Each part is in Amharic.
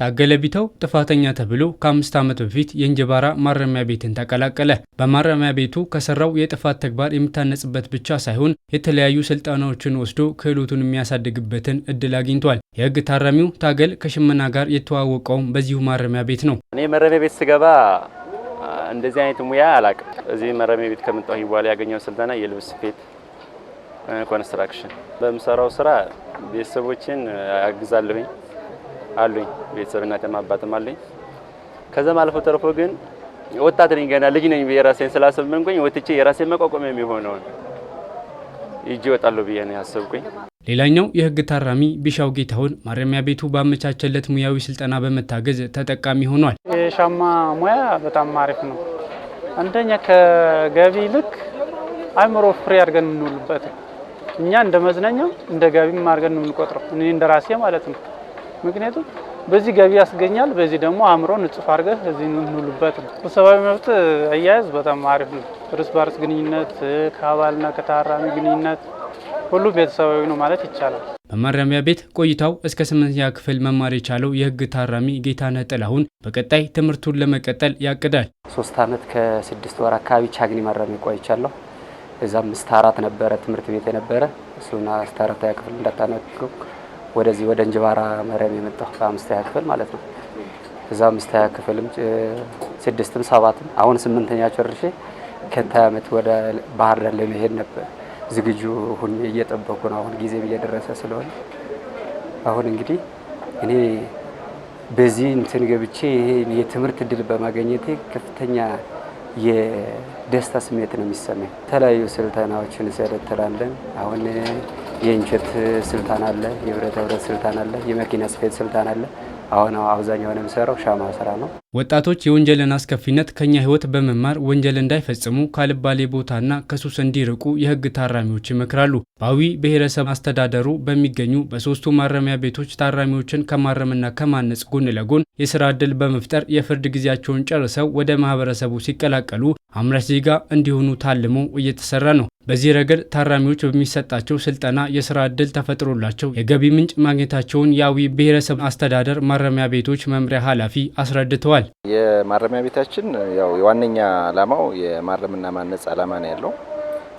ታገለ ቢተው ጥፋተኛ ተብሎ ከአምስት ዓመት በፊት የእንጅባራ ማረሚያ ቤትን ተቀላቀለ። በማረሚያ ቤቱ ከሰራው የጥፋት ተግባር የሚታነጽበት ብቻ ሳይሆን የተለያዩ ስልጠናዎችን ወስዶ ክህሎቱን የሚያሳድግበትን እድል አግኝቷል። የህግ ታራሚው ታገል ከሽመና ጋር የተዋወቀውም በዚሁ ማረሚያ ቤት ነው። እኔ ማረሚያ ቤት ስገባ እንደዚህ አይነት ሙያ አላቅም። እዚህ ማረሚያ ቤት ከመጣሁ በኋላ ያገኘው ስልጠና የልብስ ስፌት፣ ኮንስትራክሽን በምሰራው ስራ ቤተሰቦችን አግዛለሁኝ አሉኝ። ቤተሰብ እናትም አባትም አለኝ። ከዛም አልፎ ተርፎ ግን ወጣት ነኝ፣ ገና ልጅ ነኝ። የራሴን ስላሰብኩኝ ወጥቼ የራሴን መቋቋሚያ የሚሆነውን ይዤ ወጣሉ ብዬ ነው ያሰብኩኝ። ሌላኛው የህግ ታራሚ ቢሻው ጌታሁን ማረሚያ ቤቱ ባመቻቸለት ሙያዊ ስልጠና በመታገዝ ተጠቃሚ ሆኗል። የሻማ ሙያ በጣም አሪፍ ነው። አንደኛ ከገቢ ልክ አይምሮ ፍሬ አድርገን የምንውልበት እኛ እንደ መዝናኛም እንደ ገቢም አድርገን የምንቆጥረው እኔ እንደ ራሴ ማለት ነው። ምክንያቱም በዚህ ገቢ ያስገኛል፣ በዚህ ደግሞ አእምሮ ንጹህ አድርገህ እዚህ እንውሉበት ነው። በሰብአዊ መብት አያያዝ በጣም አሪፍ ነው። እርስ በርስ ግንኙነት ከአባልና ከታራሚ ግንኙነት ሁሉ ቤተሰባዊ ነው ማለት ይቻላል። በማረሚያ ቤት ቆይታው እስከ ስምንተኛ ክፍል መማር የቻለው የህግ ታራሚ ጌታነህ ጥላሁን በቀጣይ ትምህርቱን ለመቀጠል ያቅዳል። ሶስት አመት ከስድስት ወር አካባቢ ቻግኒ ማረሚያ ቆይቻለሁ። እዛም ስታራት ነበረ ትምህርት ቤት የነበረ እሱና ስታራታ ክፍል እንዳታነቅቁ ወደዚህ ወደ እንጅባራ መረም የመጣሁ ከአምስተኛ ክፍል ማለት ነው። እዛ አምስተኛ ክፍልም ስድስትም ሰባትም አሁን ስምንተኛ ጨርሼ ከታ ዓመት ወደ ባህር ዳር ለመሄድ ነበር ዝግጁ ሁን እየጠበኩ ነው። አሁን ጊዜም እየደረሰ ስለሆነ አሁን እንግዲህ እኔ በዚህ እንትን ገብቼ ይሄ የትምህርት እድል በማገኘቴ ከፍተኛ የደስታ ስሜት ነው የሚሰማኝ። የተለያዩ ስልጠናዎችን እንሰለጥናለን አሁን የእንጨት ስልጣን አለ፣ የብረታ ብረት ስልጣን አለ፣ የመኪና ስፌት ስልጣን አለ። አሁን አብዛኛው ነው የሚሰራው ሻማ ስራ ነው። ወጣቶች የወንጀልን አስከፊነት ከኛ ሕይወት በመማር ወንጀል እንዳይፈጽሙ ካልባሌ ቦታና ከሱስ እንዲርቁ የሕግ ታራሚዎች ይመክራሉ። በአዊ ብሔረሰብ አስተዳደሩ በሚገኙ በሶስቱ ማረሚያ ቤቶች ታራሚዎችን ከማረምና ከማነጽ ጎን ለጎን የስራ ድል በመፍጠር የፍርድ ጊዜያቸውን ጨርሰው ወደ ማህበረሰቡ ሲቀላቀሉ አምራች ዜጋ እንዲሆኑ ታልሞ እየተሰራ ነው። በዚህ ረገድ ታራሚዎች በሚሰጣቸው ስልጠና የስራ እድል ተፈጥሮላቸው የገቢ ምንጭ ማግኘታቸውን የአዊ ብሔረሰብ አስተዳደር ማረሚያ ቤቶች መምሪያ ኃላፊ አስረድተዋል። የማረሚያ ቤታችን ያው የዋነኛ ዓላማው የማረምና ማነጽ ዓላማ ነው ያለው።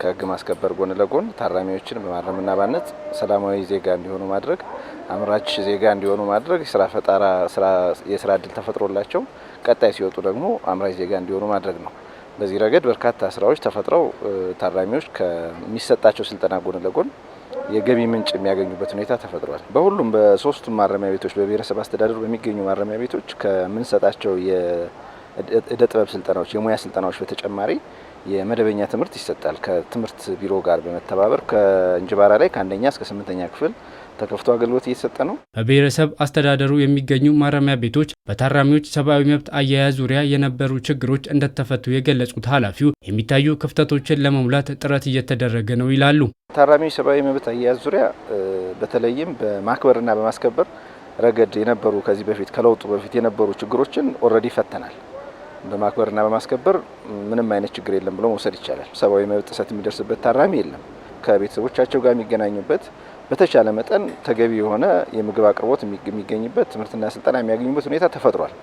ከህግ ማስከበር ጎን ለጎን ታራሚዎችን በማረምና ማነጽ ሰላማዊ ዜጋ እንዲሆኑ ማድረግ፣ አምራች ዜጋ እንዲሆኑ ማድረግ፣ ስራ ፈጠራ የስራ ዕድል ተፈጥሮላቸው ቀጣይ ሲወጡ ደግሞ አምራች ዜጋ እንዲሆኑ ማድረግ ነው። በዚህ ረገድ በርካታ ስራዎች ተፈጥረው ታራሚዎች ከሚሰጣቸው ስልጠና ጎን ለጎን የገቢ ምንጭ የሚያገኙበት ሁኔታ ተፈጥሯል። በሁሉም በሶስቱም ማረሚያ ቤቶች በብሔረሰብ አስተዳደሩ በሚገኙ ማረሚያ ቤቶች ከምንሰጣቸው የእደ ጥበብ ስልጠናዎች፣ የሙያ ስልጠናዎች በተጨማሪ የመደበኛ ትምህርት ይሰጣል። ከትምህርት ቢሮ ጋር በመተባበር ከእንጅባራ ላይ ከአንደኛ እስከ ስምንተኛ ክፍል ተከፍቶ አገልግሎት እየተሰጠ ነው። በብሔረሰብ አስተዳደሩ የሚገኙ ማረሚያ ቤቶች በታራሚዎች ሰብአዊ መብት አያያዝ ዙሪያ የነበሩ ችግሮች እንደተፈቱ የገለጹት ኃላፊው የሚታዩ ክፍተቶችን ለመሙላት ጥረት እየተደረገ ነው ይላሉ። ታራሚዎች ሰብአዊ መብት አያያዝ ዙሪያ በተለይም በማክበርና በማስከበር ረገድ የነበሩ ከዚህ በፊት ከለውጡ በፊት የነበሩ ችግሮችን ኦልሬዲ ፈተናል። በማክበርና በማስከበር ምንም አይነት ችግር የለም ብሎ መውሰድ ይቻላል። ሰብአዊ መብት ጥሰት የሚደርስበት ታራሚ የለም። ከቤተሰቦቻቸው ጋር የሚገናኙበት በተቻለ መጠን ተገቢ የሆነ የምግብ አቅርቦት የሚገኝበት ትምህርትና ስልጠና የሚያገኙበት ሁኔታ ተፈጥሯል።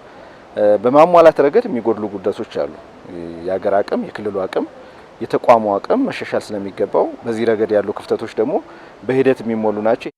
በማሟላት ረገድ የሚጎድሉ ጉዳቶች አሉ። የሀገር አቅም፣ የክልሉ አቅም፣ የተቋሙ አቅም መሻሻል ስለሚገባው በዚህ ረገድ ያሉ ክፍተቶች ደግሞ በሂደት የሚሞሉ ናቸው።